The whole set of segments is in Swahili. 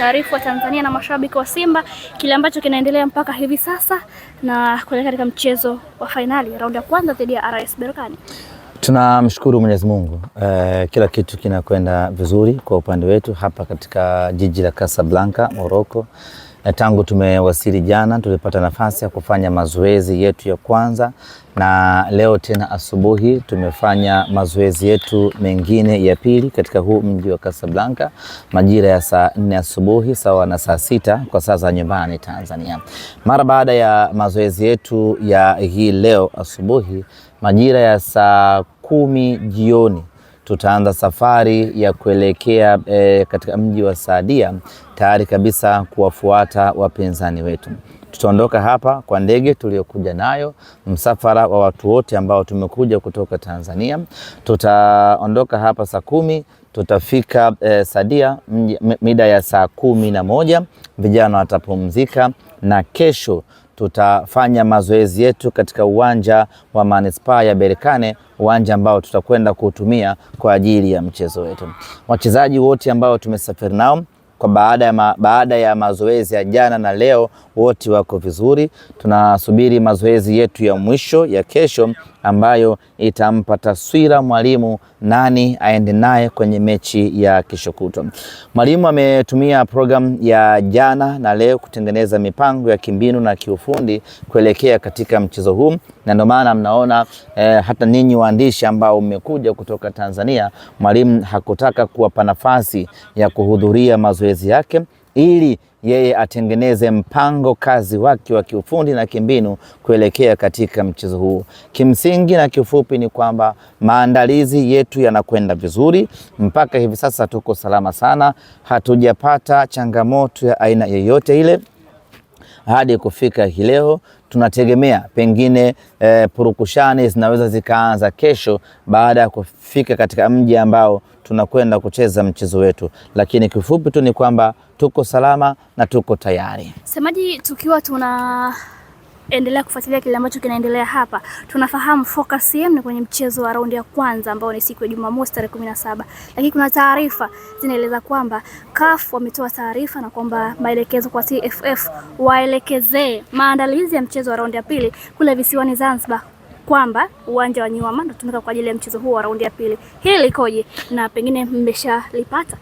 kuwataarifu tanzania na mashabiki wa Simba kile ambacho kinaendelea mpaka hivi sasa na kuelekea katika mchezo wa fainali raundi ya kwanza dhidi ya RS Berkane. Tunamshukuru Mwenyezi Mungu eh, kila kitu kinakwenda vizuri kwa upande wetu hapa katika jiji la Casablanca, Morocco. Tangu tumewasili jana, tulipata nafasi ya kufanya mazoezi yetu ya kwanza, na leo tena asubuhi tumefanya mazoezi yetu mengine ya pili katika huu mji wa Casablanca majira ya saa nne asubuhi sawa na saa sita kwa saa za nyumbani Tanzania. Mara baada ya mazoezi yetu ya hii leo asubuhi majira ya saa kumi jioni tutaanza safari ya kuelekea e, katika mji wa Saadia tayari kabisa kuwafuata wapinzani wetu. Tutaondoka hapa kwa ndege tuliyokuja nayo, msafara wa watu wote ambao tumekuja kutoka Tanzania. Tutaondoka hapa saa kumi tutafika e, eh, Saadia mida ya saa kumi na moja. Vijana watapumzika na kesho tutafanya mazoezi yetu katika uwanja wa manispaa ya Berkane, uwanja ambao tutakwenda kuutumia kwa ajili ya mchezo wetu. Wachezaji wote ambao tumesafiri nao kwa baada ya, ma, baada ya mazoezi ya jana na leo wote wako vizuri. Tunasubiri mazoezi yetu ya mwisho ya kesho ambayo itampa taswira mwalimu nani aende naye kwenye mechi ya kesho kutwa. Mwalimu ametumia programu ya jana na leo kutengeneza mipango ya kimbinu na kiufundi kuelekea katika mchezo huu, na ndio maana mnaona eh, hata ninyi waandishi ambao mmekuja kutoka Tanzania, mwalimu hakutaka kuwapa nafasi ya kuhudhuria mazoezi yake ili yeye atengeneze mpango kazi wake wa kiufundi na kimbinu kuelekea katika mchezo huo Kimsingi na kifupi ni kwamba maandalizi yetu yanakwenda vizuri mpaka hivi sasa, tuko salama sana, hatujapata changamoto ya aina yoyote ile hadi kufika hii leo tunategemea pengine e, purukushani zinaweza zikaanza kesho baada ya kufika katika mji ambao tunakwenda kucheza mchezo wetu, lakini kifupi tu ni kwamba tuko salama na tuko tayari. Semaji tukiwa tuna endelea kufuatilia kile ambacho kinaendelea hapa. Tunafahamu focus yenu ni kwenye mchezo wa raundi ya kwanza ambao ni siku ya Jumamosi tarehe 17. Lakini kuna taarifa zinaeleza kwamba CAF wametoa taarifa na kwamba maelekezo kwa TFF waelekezee maandalizi ya mchezo wa raundi ya pili kule visiwani Zanzibar kwamba uwanja wa Nywama ndio tumika kwa ajili ya mchezo huo wa raundi ya pili. Hili likoje na pengine mmeshalipata?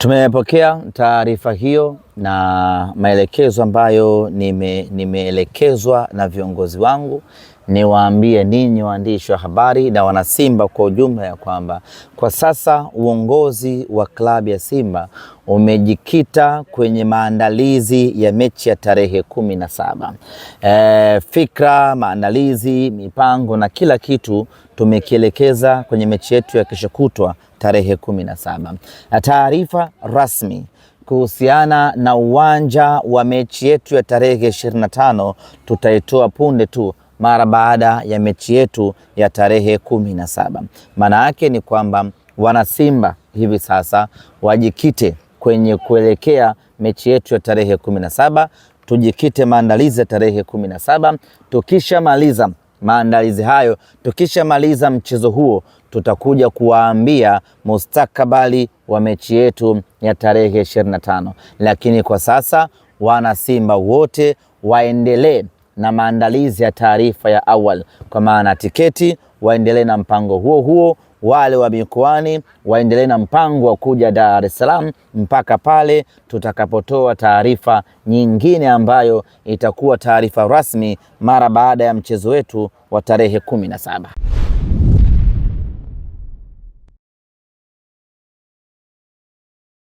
Tumepokea taarifa hiyo na maelekezo ambayo nime, nimeelekezwa na viongozi wangu niwaambie ninyi waandishi wa habari na wanasimba kwa ujumla ya kwamba kwa sasa uongozi wa klabu ya Simba umejikita kwenye maandalizi ya mechi ya tarehe kumi na saba. E, fikra, maandalizi, mipango na kila kitu tumekielekeza kwenye mechi yetu ya kesho kutwa tarehe kumi na saba, na taarifa rasmi kuhusiana na uwanja wa mechi yetu ya tarehe 25 tutaitoa punde tu mara baada ya mechi yetu ya tarehe kumi na saba. Maana yake ni kwamba wanasimba hivi sasa wajikite kwenye kuelekea mechi yetu ya tarehe kumi na saba, tujikite maandalizi ya tarehe kumi na saba. Tukishamaliza maandalizi hayo, tukishamaliza mchezo huo, tutakuja kuwaambia mustakabali wa mechi yetu ya tarehe ishirini na tano. Lakini kwa sasa wanasimba wote waendelee na maandalizi ya taarifa ya awali, kwa maana tiketi waendelee na mpango huo huo, wale wa mikoani waendelee na mpango wa kuja Dar es Salaam mpaka pale tutakapotoa taarifa nyingine ambayo itakuwa taarifa rasmi mara baada ya mchezo wetu wa tarehe kumi na saba.